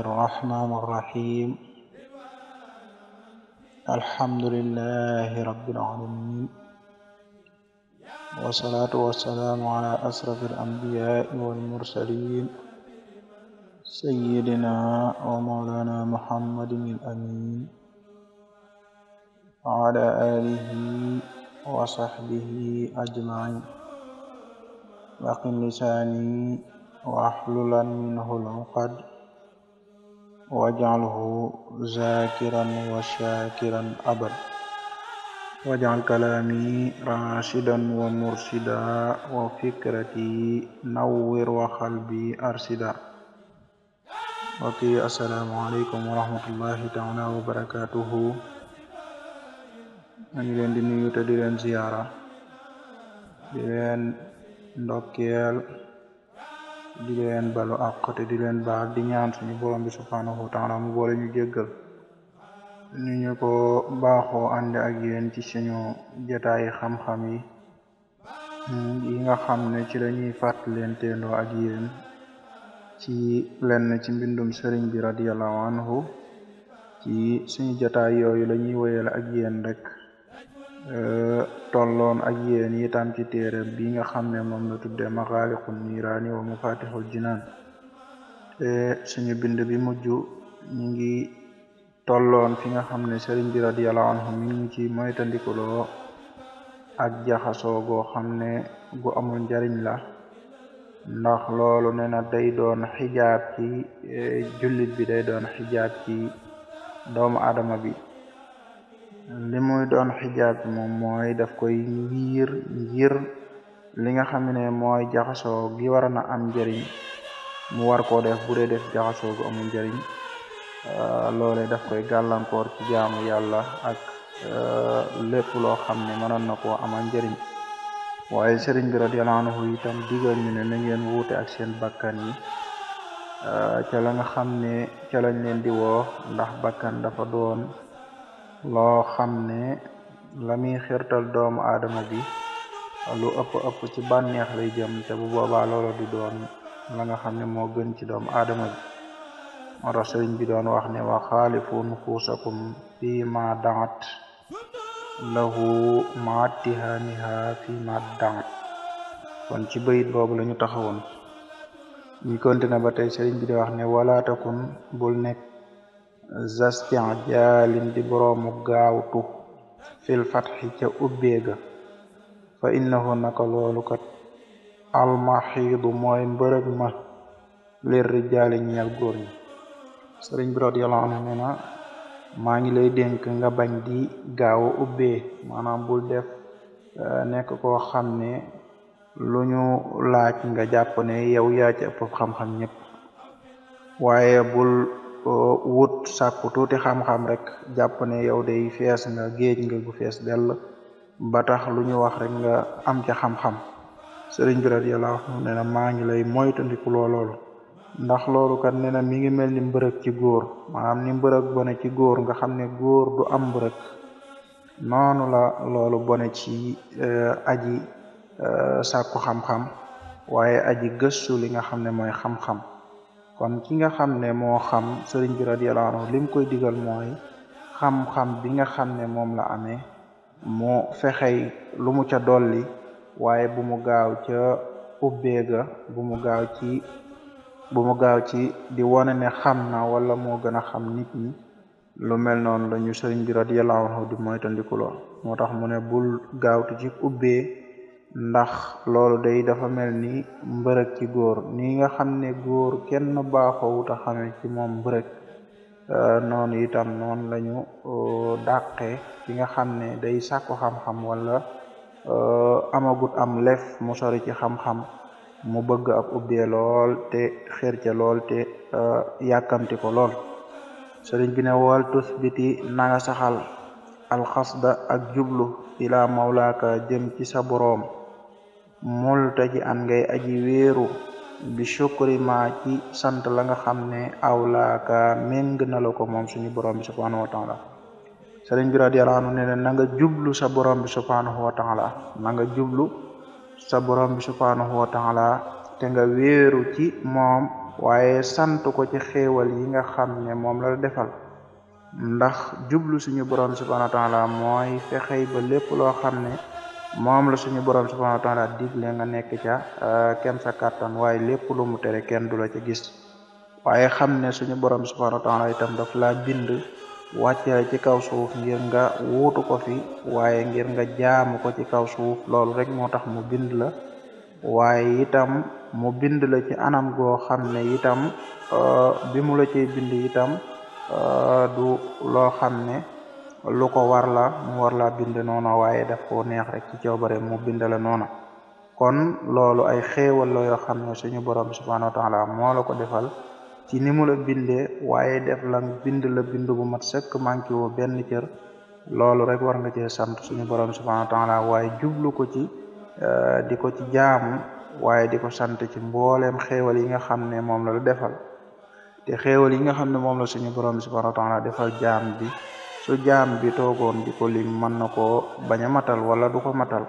الرحمن الرحيم الحمد لله رب العالمين والصلاة والسلام على أشرف الأنبياء والمرسلين سيدنا ومولانا محمد الأمين وعلى آله وصحبه أجمعين وقم لساني واحلل منه العقد waj'alhu zaakiran wa shaakiran abad waj'al kalaami rashidan wa murshidan wa fikrati nawwir wa arshida waki assalaamu aleykum wa taala wa barakatuhu ñu leen di nuyu te di leen ziyaara di ndokkeel di leen balu ak côté di leen baal di ñaan suñu borom bi subhanahu wa mu boole ñu jéggal ñu ñu ko baaxoo ànd ak yéen ci suñu jataayi xam-xam yi yi nga xam ne ci lañuy fàttalenteendoo ak yéen ci lenn ci mbindum sëriñ bi radiallahu anhu ci suñu jataay yooyu lañuy woyal ak yéen rek Euh, tolloon ak yéen itam ci téere bi nga xam ne moom la tudde maxaaliqun niiraani wa mafatixul jinaan te suñu bind bi mujj ñu ngi tolloon fi nga xam ne sëriñ bi radiallahu anhu mi ngi ci moytandikuloo ak jaxasoo goo xam ne gu amul njariñ la ndax loolu nee na day doon xijaab ci eh, jullit bi day doon xijaab ci doomu aadama bi li muy doon xijaab bi moom mooy daf koy wiir ngir li nga xam ne mooy jaxasoo gi war na am njëriñ mu war koo def bu dee def jaxasoo gu amul njariñ euh, loole def koy gàllankoor ci jaamu yàlla ak euh, lépp loo xam ne mënoon na koo amal njëriñ waaye sëriñ bi radiyallahu anhu itam digal ñu ne na ngeen wuute ak seen bakkan yi euh, ca la nga xam ne ca lañ leen di woo ndax bakkan dafa doon loo xam ne la muy xirtal doomu aadama bi lu ëpp ëpp ci bànneex lay jëm te bu boobaa loola du doon la nga xam ne moo gën ci doomu aadama bi moo tax sëriñ bi doon wax ne wa xaalifun xuusakum fi ma dangat lahu maattihaaniha fi ma dangat kon ci bayit boobu lañu ñu taxawoon ñu konte na ba tey seliñ bi di wax ne wala takun bul nekk zastin jaalin di boroomu gaawtu fil fatxi ca ubbeega fa innahu naka loolu kat almaxiidu mooy mbërëg ma lir rijaali ñeel góor ñi sëriñ bi radiyallahu anhu nee na maa ngi lay dénk nga bañ di gaaw a ubbee maanaam bul def eh, nekk koo xam ne luñu ñu laaj nga jàpp ne yow yaa ci ëpp xam-xam ñëpp waaye bul Euh, wut sàkku tuuti xam-xam rek jàpp ne yow day fees nga géej nga gu fees dell ba tax lu ñu wax rek nga am ca xam-xam sëriñ bi radiyallahu anhu nee na maa ngi lay moytandiku loolu ndax loolu kat nee na mi ngi mel ni mbërëg ci góor maanaam ni mbërëg bone ci góor nga xam ne góor du am mbërëg noonu la loolu bone ci euh, aji euh, sàkku xam-xam waaye aji gëstu li nga xam ne mooy xam-xam kon ki nga xam ne moo xam sëriñ bi radiyallahu anhu lim koy digal mooy xam-xam bi nga xam ne moom la amee moo fexey lu mu ca dolli waaye bu mu gaaw ca ubbeega bu mu gaaw ci bu mu gaaw ci di wane ne xam na wala moo gën a xam nit ñi lu mel noonu la ñu sëriñ bi radiyallahu anhu di moytandikuloo moo tax mu ne bul gaawtu ci ubbee ndax loolu day dafa mel ni mbërëg ci góor ni nga xam ne góor kenn baaxoowuta xam ci moom mbërëg euh, noonu itam noonu lañu euh, dàqe ki nga xam ne day sàkku xam-xam wala euh, amagut am lef mu sori ci xam-xam mu bëgg ab ubbee lool te xër ca lool te yàkkamti ko lool sëriñ bi ne wal tusbiti nanga saxal alxasda ak jublu ila mawlaaka jëm ci sa boroom molta ji an ngay aji wéeru bi shukri ci sant la nga xam ne awlaaka méng na la ko moom suñu borom bi subhanahu wa taala sëriñ bi radiyallahu anhu ne ne na nga jublu sa borom bi subhanahu wa taala na nga jublu sa borom bi subhanahu wa taala te nga wéeru ci moom waaye sant ko ci xewal yi nga xam ne moom la defal ndax jublu suñu borom bi subhanahu wa taala mooy fexey ba lépp loo xam ne moom la suñu borom subhanahu wa taala digle nga nekk ca euh, kem sa kàttan waaye lépp lu mu tere kenn du la ca gis waaye xam ne suñu borom subhanahu wa itam daf la bind wàcce ci kaw suuf ngir nga wuutu ko fi waaye ngir nga jaamu ko ci kaw suuf loolu rek moo tax mu bind la waaye itam mu bind la ci anam goo xam ne itam euh, bi mu la ciy bind itam euh, du loo xam ne lu ko war la mu war laa bind noona waaye daf koo neex rek ci coobare mu bind la noona kon loolu ay xewal la yoo xam ne suñu borom subhanahu wa taala moo la ko defal ci ni mu la bindee waaye def la bind la bind bu mat sëkk manqué woo benn cër loolu rek war nga sant suñu borom subhanahu wa waaye jublu ko ci euh, di ko ci jaamu waaye di ko sant ci mbooleem xéewal yi nga xam ne moom la la defal te xéewal yi nga xam ne moom la suñu borom subhanahu defal jaam bi su jaam bi toogoon di ko lim mën na koo bañ a matal wala du ko matal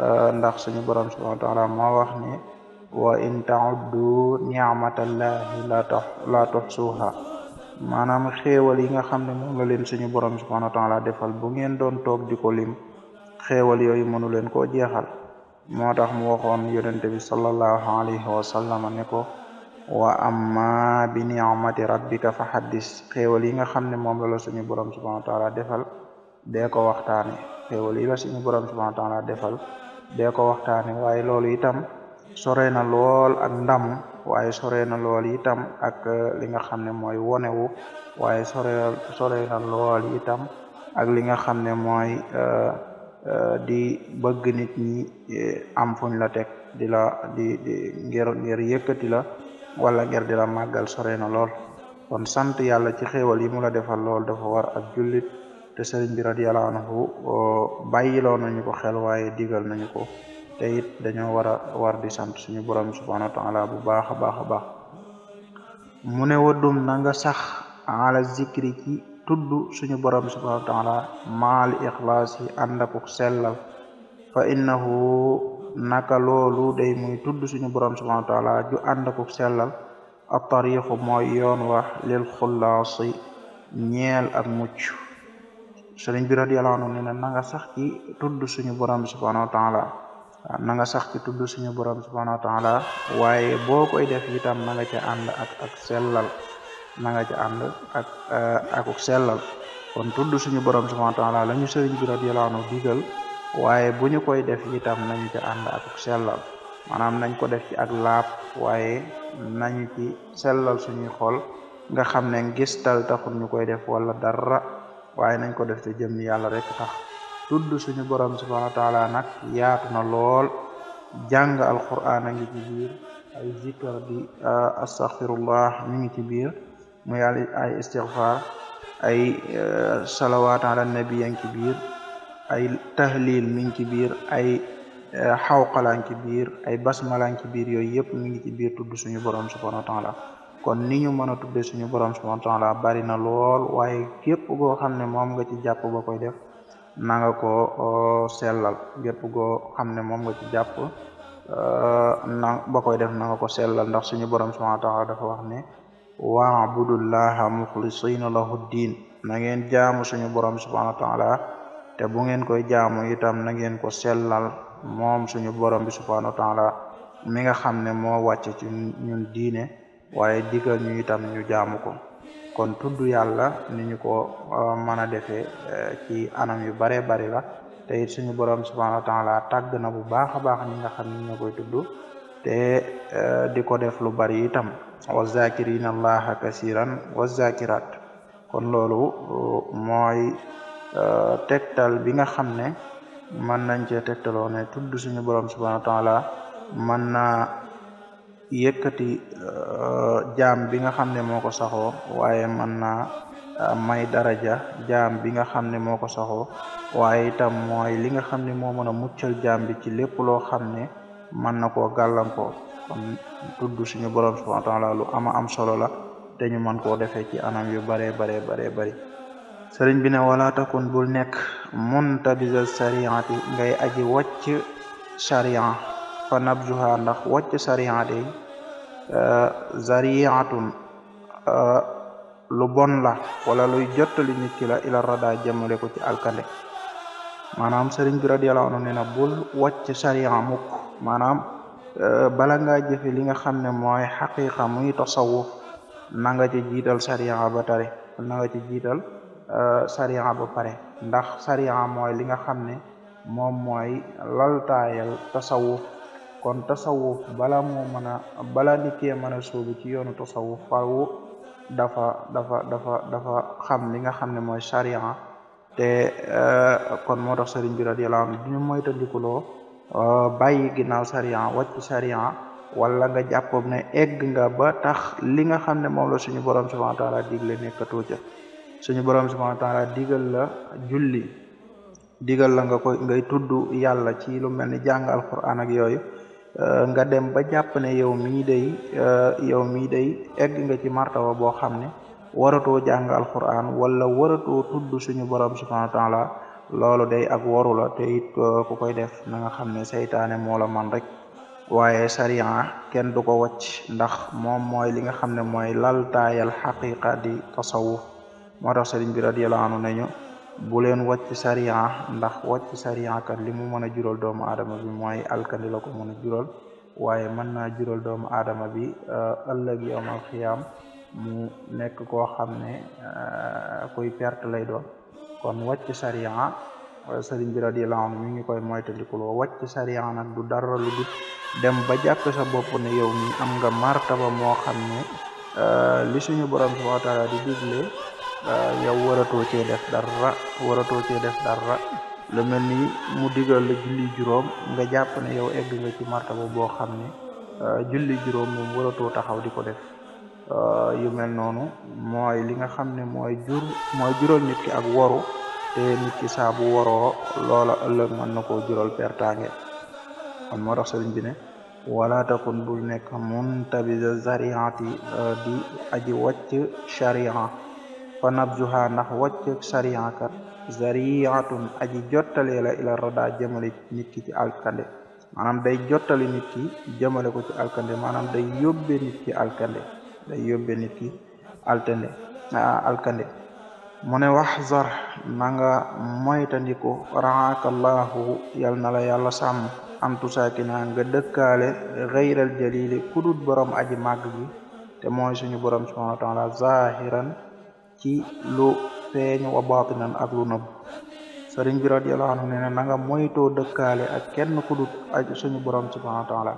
euh, ndax suñu borom subhanahu wa taala moo wax ne wa in tauddu ni'matallahi la tuhsuha maanaam xéewal yi nga xam ne moom la leen suñu borom subhanahu wa taala defal bu ngeen doon toog di ko lim xéewal yooyu mënu leen koo jeexal moo tax mu waxoon yonente bi sallallahu alayhi wa sallam ne ko wa amma bi ni'mati rabbika fa xaddis xéewal yi nga xam ne moom la la suñu borom subhanahu wa la defal dee ko waxtaane xéewal yi la suñu borom subhanahu wa taala defal dee ko waxtaane waaye loolu itam sore na lool ak ndam waaye sore na lool itam ak eh, li nga xam ne mooy wonewu waaye sore sore lool itam ak li nga xam ne mooy eh, eh, di bëgg nit ñi am fuñ la teg di la di di ngir ngir yëkkati la wala nger di la màggal sore na lool kon sant yàlla ci xéewal yi mu la defal lool dafa war ak jullit te sëriñ bi radiyallahu anhu bàyyiloo nañu ko xel waaye digal nañu ko te it dañoo war a war di sant suñu borom subhanahu wa taala bu baax a baax a baax mu ne waddum na nga sax ala zikri ci tudd suñu borom subhanahu wa taala maal ixlaas yi ànd ak selal fa innahu naka loolu day muy tudd suñu boroom subhanahu wa taala ju ànd akuk sellal a tariixu mooy yoon wax lil xulaasi ñeel ak mucc sëriñ bi radiyallahu anhu nga sax ci tudd suñu borom bi subhanahu wa taala na nga sax ci tudd suñu borom bi subhanahu waaye boo koy def itam na nga ca ànd ak ak sellal na nga ca ànd ak eh, akuk sellal kon tudd suñu borom bi subhanahu taala la ñu sëriñ bi digal waaye bu ñu koy def itam nañ ci ànd ak sellal maanaam nañ ko def ci ak laab waaye nañ ci sellal suñuy xool nga xam ne gistal taxul ñu koy def wala dara waaye nañ ko def te jëm yàlla rek tax tudd suñu borom subhanahu wa taala nag yaatu na lool jàng alquran a ngi ci biir ay zikar di ah, astaghfirullah mi ngi ci biir muy ay ay eh, salawaat ala a ngi ci biir ay tahlil mi ngi ci biir ay eh, xawqalaan ci biir ay basmalaan ci biir yooyu yëpp mi ngi ci biir tudd suñu borom subhanahu wa taala kon ni ñu mën a tudde suñu borom subhanahu wa taala bari na lool waaye képp koo xam ne moom nga ci jàpp ba koy def na nga ko sellal képp koo ne moom nga ci jàpp na ba koy def na nga ko sellal ndax suñu borom subhanahu wa taala dafa wax ne waabudullaha muxlisina lahu diin na ngeen jaamu suñu borom subhanahu wa taala te bu ngeen koy jaamu itam na ngeen ko sellal moom suñu borom bi subhanahu wa taala mi nga xam ne moo wàcce ci ñun diine waaye digal ñu itam ñu jaamu ko kon tudd yàlla ni ñu ko uh, mën a defee uh, ci anam yu bare bari la te suñu borom bi subhanahu wa taala tàgg na bu baax a baax ñi nga xam ne koy tudd te uh, di ko def lu bari itam wa zakirina allaha kasiran wa kon loolu mooy Euh, tegtal bi nga xam ne mën nañ cee tegtaloo ne tudd suñu borom subhanahu wa taala mën naa yëkkati euh, jaam bi nga xam ne moo ko saxoo waaye mën naa euh, may daraja jaam bi nga xam ne moo ko saxoo waaye itam mooy li nga xam ne moo mën a muccal jaam bi ci lépp loo xam ne mën na koo gàllankoor kon tudd suñu borom subhanahu wa taala lu ama am solo la te ñu mën koo defee ci anam yu baree baree baree bari sëriñ bi ne wala takun bul nekk muntabisa sariati ngay aji wàcc sariya fa nabjuha ndax wàcc sariya day eh, zariatun eh, lu bon la wala luy jottali nit ki la ila rada ko ci alkande maanaam sëriñ bi radiyallahu anhu ne na bul wàcc sariya mukk maanaam eh, bala nga jëfe li nga xam ne mooy xaqiqa muy tasawuf na nga ci jiital sariya ba tare ci jiital Euh, sariya ba pare ndax sariya mooy li nga xam ne moom mooy laltaayal tasawuf kon tasawuf bala moo mën a bala nikkee mën a sóobu ci yoonu tasawuf fawu dafa dafa dafa dafa xam li nga xam ne mooy sariya te euh, kon moo tax sëriñ bi radiyallahu anhu ñu mooy tandikuloo euh, bàyyi ginnaaw sariya wàcc sariya wala nga jàppoon ne egg nga ba tax li nga xam ne moom la suñu borom subhanahu wa taala digle nekkatoo ca suñu borom subhanahu wa taala digal la julli digal la nga koy ngay tudd yàlla ci lu mel ni jàng yooyu euh, nga dem ba jàpp ne yow mii day euh, yow mii day egg nga ci martaba boo xam ne waratoo jàng alquran wala waratoo tudd suñu borom subhanahu wa taala loolu day ak waru la euh, ku koy def na nga xam ne seytaane moo man rek waaye sariya kenn du ko wàcc ndax moom mooy li nga xam ne mooy laltaayal xaqiqa di tasawuf moo tax sëriñ bi radiyallahu anhu nañu bu leen wàcc sariya ndax wàcc sariya kat li mu mën a jural doomu adama bi mooy alkandi la ko mën a jural waaye mën naa jural doomu aadama bi euh, ëllëg yawm alxiyaam mu nekk koo xam ne euh, kuy perte lay doon kon wàcc sariya euh, sëriñ bi radiyallahu anhu mi ngi koy moytandikuloo wàcc sariya nag du dara lu dem ba jàpp sa bopp ne yow mi am nga martaba moo xam ne li suñu borom subhanahu wa taala digle Euh, yow waratoo cee def dara waratoo cee def dara lu mel ni mu digal la julli juróom nga jàpp ne yow egg nga ci martaba boo xam ne euh, julli juróom moom waratoo taxaw di ko def euh, yu mel noonu mooy li nga xam ne mooy jur nit ki ak waru te nit ki saa bu waroo loola ëllëg mën na koo jural pertaange kon moo tax sëriñ kon ne wala takun bul nekk di aji wàcc charia fa nabzuha ndax wàcceeg sariya kat aji jottalee la ila roda nit ki ci alkande maanaam day jottali nit ki jëmale ko ci alkande maanaam day yóbbe nit ki day yóbbe nit ki altande wax zar na nga moytandiku raakallaahu yal na la yàlla sàmm am tusaakina nga dëkkaale xeyral jalili kudut borom aji màgg gi te mooy borom subhanahu wa zahiran ci lu feeñ wa baatinan ak lu nëbb sëriñ bi radiyallahu anhu nee na na nga moytoo dëkkaale ak kenn ku dut ak suñu borom subhanahu wa taala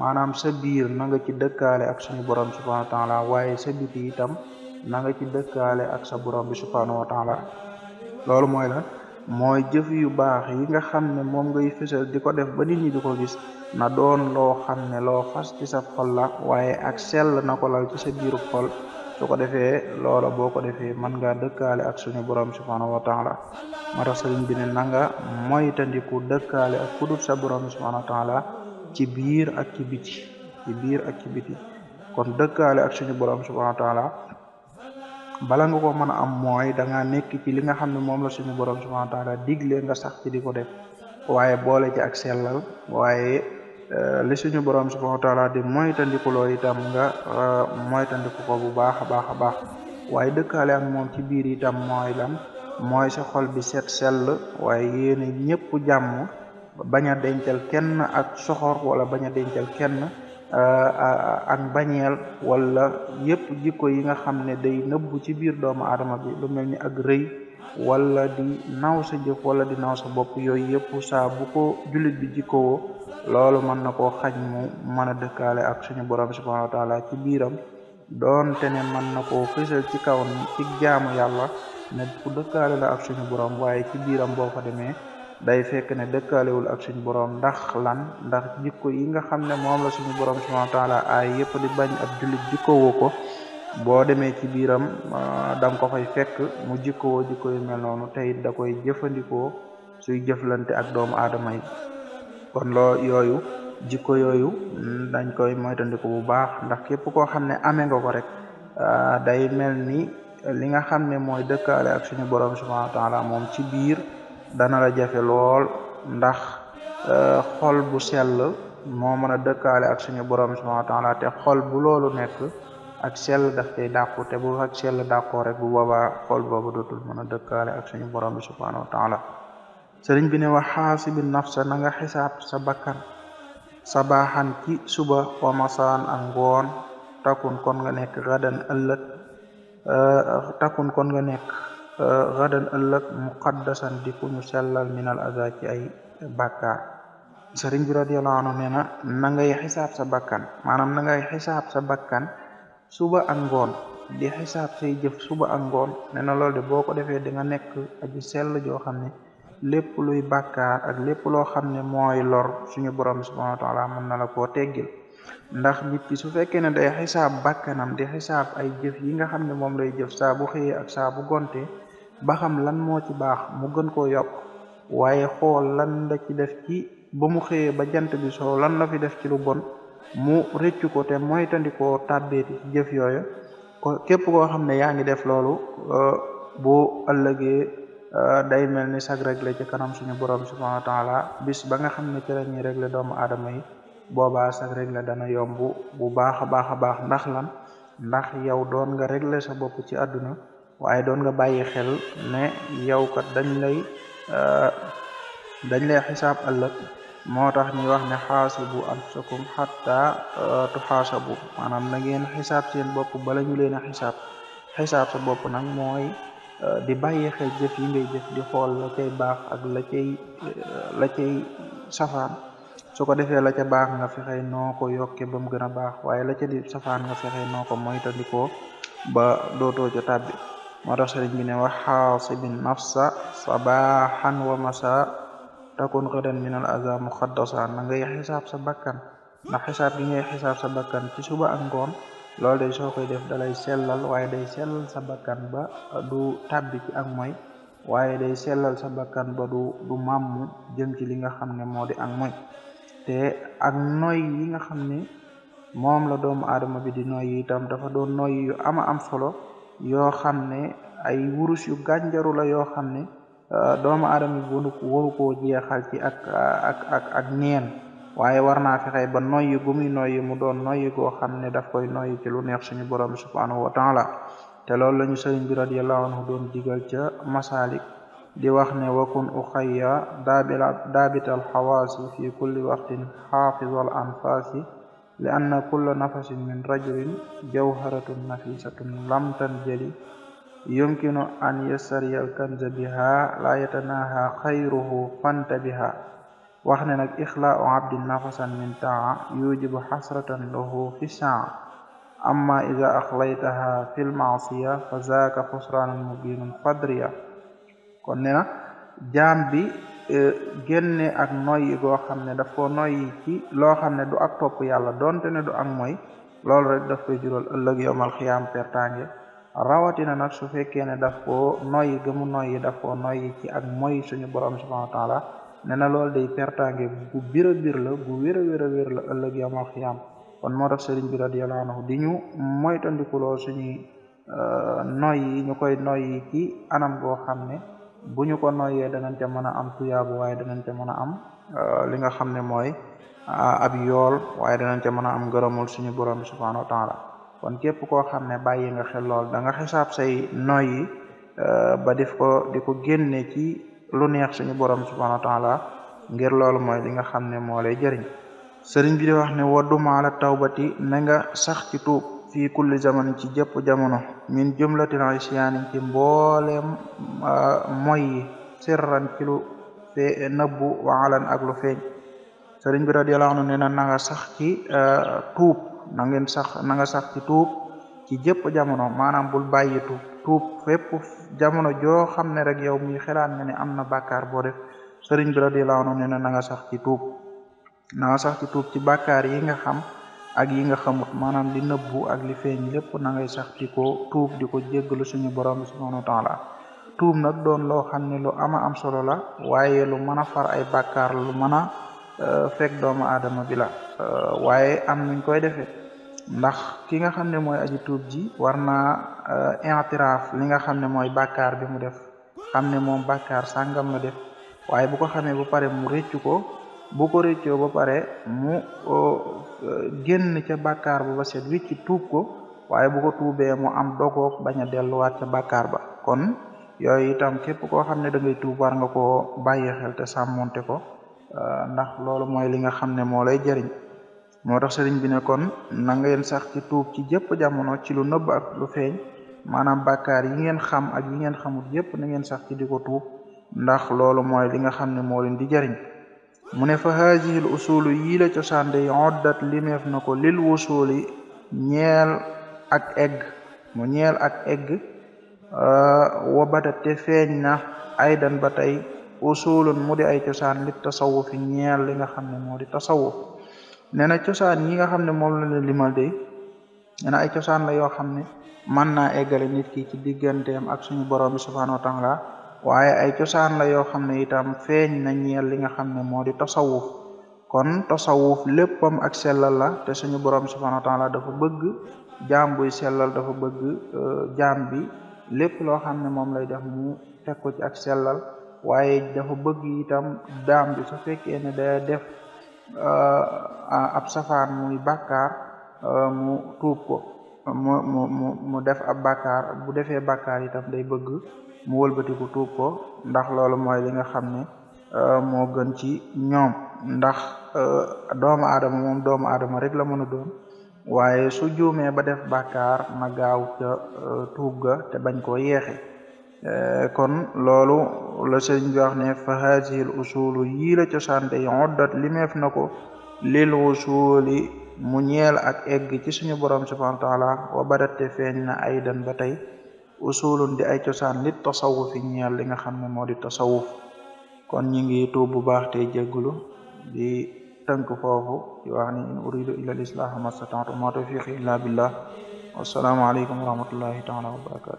maanaam sa biir na nga ci dëkkaale ak suñu borom subhanahu wa taala waaye sa biti itam na nga ci dëkkaale ak sa borom bi subhanahu wa taala loolu mooy lan mooy jëf yu baax yi nga xam ne moom ngay fësal di ko def ba nit ñi di ko gis na doon loo xam ne loo fas ci sa xol la waaye ak sell na ko lal ci sa biiru xol su ko defee loolo boo ko defee mën nga dëkkaale ak suñu boroom subhanahu wa taala moo tax sëriñ bi ne na nga moytandiku dëkkaale ak kudut sa borom subhanahu wa taala ci biir ak ci biti ci biir ak ci biti kon dëkkaale ak suñu borom subhanahu wa taala bala nga ko mën a am mooy da nga nekk ci li nga xam ne moom la suñu borom subhanahu wa taala digle nga sax ci di ko def waaye boole ci ak sellal waaye Euh, li suñu borom subhanahu wa taala di moytandikuloo itam nga euh, moytandiku ko bu baax a baax a baax waaye dëkkaale ak moom ci biir itam mooy lan mooy sa xol bi set sell waaye yéene ñëpp jàmm bañ a dencal kenn ak soxor wala bañ a dencal kenn euh, ak bañeel wala yëpp jikko yi nga xam ne day nëbbu ci biir doomu aadama bi lu mel ak rëy wala di naw sa jëf wala di naw sa bopp yooyu yëpp saa bu ko jullit bi jikkoo loolu mën na koo xaj mu mën a dëkkaale ak suñu borom subhanahu wa ci biiram doonte ne mën na ko fësal ci kaw ci jaamu yàlla ne ku dëkkaale la ak suñu borom waaye ci biiram boo fa demee day fekk ne dëkkaalewul ak suñu borom ndax lan ndax jikko yi nga xam ne moom la suñu borom subhanahu wa taala ay yëpp di bañ ab jullit jikkoo ko boo demee ci biiram da ko fay fekk mu jikkoo jikko yu mel noonu te it da koy jëfandikoo suy jëflante ak doomu aadama yi kon loo yooyu jikko yooyu mm, dañ koy moytandiku bu baax ndax képp koo xam ne amee nga ko rek ah, day mel ni li nga xam ne mooy dëkkaale ak suñu borom subhanahu wa taala moom ci biir dana la jafe lool ndax eh, xol bu sell moo mën a dëkkaale ak suñu borom subhanahu wa taala te xol bu loolu nekk ak sell daf cay dàqu te bu ak sell dàqoo rek bu boobaa xol boobu dootul mën a dëkkaale ak suñu borom bi subhanahu wa taala sëriñ bi ne wax xaasibi nafsa na nga xisaab sa bakkan sa baaxan ci suba wa masaan ak ngoon takun kon nga nekk gadan ëllëg euh, takun kon nga nekk euh, gadan ëllëg muqaddasan di ku ñu sellal minal aza ay bàkkaar sëriñ bi radiyallahu anhu nee na na xisaab sa bakkan maanaam na xisaab sa bakkan suba ak ngoon di xisaab say jëf suba ak ngoon nee na loolu de boo ko defee di nga nekk aji sell joo xam ne lépp luy bàkkaar ak lépp loo xam ne mooy lor suñu borom subhanahu wa taala mën na la koo teggil ndax nit ki su fekkee ne day xisaab bàkkanam di xisaab ay jëf yi nga xam ne moom lay jëf saa bu xëyee ak saabu bu gonte ba xam lan moo ci baax mu gën koo yokk waaye xool lan la ci def ci ba mu xëyee ba jant bi soo lan la fi def ci lu bon mu rëccu ko te moytandikoo tàbbeeti ci jëf yooyu ko képp koo xam ne yaa ngi def loolu euh, boo ëllëgee euh, day mel ni sag réglé ci kanam suñu borom subhanahu wa taala bis ba nga xam ne ci la ñuy réglé doomu aadama yi boobaa sag réglé dana yomb bu baax a baax a baax ndax lan ndax yow doon nga réglé sa bopp ci àdduna waaye doon nga bàyyi xel ne yow kat dañ lay euh, dañ lay xisaab ëllëg moo tax ñu wax ne xaasibu anfusakum xatta euh, tuxaasabu maanaam na ngeen xisaab boppu bopp bala ñu leen a xisaab xisaab sa bopp nag mooy euh, di bàyyi xel jëf yi ngay jëf di xool la baax ak la cay euh, la cay safaan su ko defee la ca baax nga fexe noo ko yokke ba mu gën a baax waaye la ca di safaan nga fexe noo ko ba dootoo ca moo tax sëriñ bi ne wax xaasibin nafsa sabaxan wa masa takun xedan minal aza muxaddasa na ngay xisaab sa bakkan ndax xisaab gi ngay xisaab sa bakkan ci suba ak ngoon loolu day soo koy def lay sellal waaye day sellal sa bakkan ba du tàbbi ci ak mooy waaye day sellal sa bakkan ba du du màmmu jëm ci li nga xam ne moo di ak mooy te ak noy yi nga xam ne moom la doomu aadama bi di noyyi itam dafa doon noyyi yu ama am solo yoo xam ne ay wurus yu gànjaru la yoo xam ne Euh, doomu aadama bi waru ko koo jeexal ci ak ak ak ak neen waaye war naa fexe ba noyyi gu muy mu doon noyyi goo xam ne daf koy noyyi ci lu neex suñu borom subhanahu wa taala te loolu lañu sëriñ bi radiallahu doon digal ca masaalik di wax ne wakun uxayya daabital xawaasi fi kulli waxtin xaafizal anfaasi li anna kulla nafasin min rajulin jawharatun nafisatun lam tanjali يمكن أن يشتري الكنز بها لا يتناهى خيره فانت بها wax ne nag ixlaau abdin nafasan min taa yujibu xasratan lahu fi shaa amma ida axlaytaha fi lmaasiya fa zaaka xusraanun mubinun fadriya kon ne na jaam bi e, génne ak noyyi goo ne daf ko noyyi ci loo xam ne du ak topp yàlla donte ne du ak mooy loolu rek daf koy jural ëllëg yowmal pertange rawatina nag su fekkee ne daf koo noyyi gëmu noyyi daf koo noyyi ci ak moy suñu borom subhanahu wa la ne na loolu day pertange bu bir biir la bu wér a wér a wér la ëllëg yamal xiyaam kon moo tax sëriñ bi radiyallahu anhu di ñu moytandikuloo suñuy euh, noyyi ñu koy noyyi ci anam goo xam ne bu ñu ko noyyee danañ ca mën a am tuyaabu waaye danañ ca mën a am euh, li nga xam ne mooy euh, ab yool waaye danañ ca mën a am gërëmul suñu borom bi subhanahu wa taala kon képp koo xam ne bàyyi nga xel lool danga nga xisaab say noyyi euh, ba def ko di ko génne ci lu neex suñu borom subhanahu wa taala ngir loolu mooy li nga xam ne moo lay jëriñ sëriñ bi di wax ne waddumaala tawbati na nga sax ci tuub fii kulli zaman ci jépp jamono min jumlatil isyaani ci mbooleem euh, moy yi sirran ci lu fe nëbbu waalan feeñ sëriñ bi radiyallahu anhu nee na nga sax ci euh, tuub na ngeen sax na sax ci tuub ci jëpp jamono maanaam bul bàyyi tuub tuub fépp jamono joo xam ne rek yow muy xelaat nga ne am na bàkkaar boo def sëriñ bi radiyallahu anhu nee na nga sax ci tuub na sax ci tuub ci bàkkaar yi nga xam ak yi nga xamut maanaam di nëbbu ak li feeñ lépp na ngay sax di ko tuub di ko jéggalu suñu borom bi subhanahu wa taala tuub nag doon loo xam ne lu ama am solo la waaye lu mën far ay bàkkaar lu mën a Euh, fek doomu aadama bi la euh, waaye am nuñ koy defee ndax ki nga xam ne mooy aji tuub ji war naa euh, intiraaf li nga xam ne mooy bàkkaar bi mu def xam ne moom bàkkaar sàngam la def waaye bu ko xamee ba pare mu réccu ko bu ko réccoo ba pare mu génn ca bàkkaar ba ba set wicc tuub ko waaye bu ko tuubee mu am dogoog bañ a delluwaat ca bàkkaar ba kon yooyu itam képp koo xam ne da ngay tuub war nga koo bàyyi xel te sàmmonte ko Euh, ndax loolu mooy li nga xam ne moo lay jariñ moo tax sëriñ bi ne kon na ngeen sax ci tuub ci jëpp jamono ci lu nëbb ak lu feeñ maanaam bàkkaar yi ngeen xam ak yi ngeen xamul yépp na ngeen sax ci di ko tuub ndax loolu mooy li nga xam ne moo leen di jariñ mu ne fa haasihil usulu yii la cosaan day oddat limeef na ko lil wusuli ñeel ak egg mu ñeel ak egg euh, wa bata te feeñ na aydan ba tey usulun mu di ay cosaan li tasawuf ñeel li nga xam ne moo di tasawuf nee na cosaan yi nga xam ne moom la leen limal de nee ay cosaan la yoo xam ne mën naa eggale nit ki ci digganteem ak suñu borom bi subhanahu taala waaye ay cosaan la yoo xam ne itam feeñ na ñeel li nga xam ne moo di tasawuf kon tasawuf léppam ak sellal la te suñu borom bi subhanahu wa taala dafa bëgg jaam sellal dafa bëgg euh, jaam bi lépp loo xam ne moom lay def mu teg ko ci ak sellal waaye dafa bëgg itam daam bi su fekkee ne day def uh, ab safaan muy bàkkaar uh, mu tuub ko mu mu mu def ab bàkkaar bu defee bàkkaar yitam day bëgg mu wëlbatiku tuub ko ndax loolu mooy li nga xam ne uh, moo gën ci ñoom ndax doomu aadama moom doomu aadama rek la mën a doon waaye su juumee ba def bàkkaar na gaaw ca tuub ga te bañ koo yeexe Eh, kon loolu la sëñ bi wax usulu yii la cosaan tey oddat limeef na ko lil usuli mu ñeel ak egg ci suñu borom subhanahu wa taala wa badatte feeñ na aydan ba tey usulun di ay cosaan lit tasawufi ñeel li nga xam ne moo di tasawuf kon ñi ngi tu bu baax tey jégglu di tënk foofu di wax ni in uridu illa l islaha mastata'tu ma tawfiqi illa billah wassalaamu aleykum wa rahmatullahi taala wa barakatu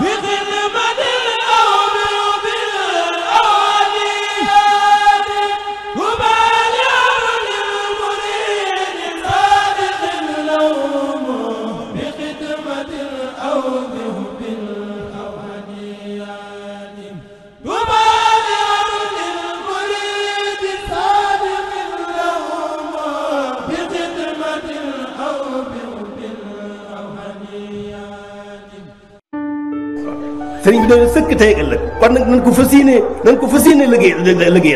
bi bi doy sëkk tey ëllëg kon nag nañ ko fas yéene nañ ko fas yéene liggéey liggéey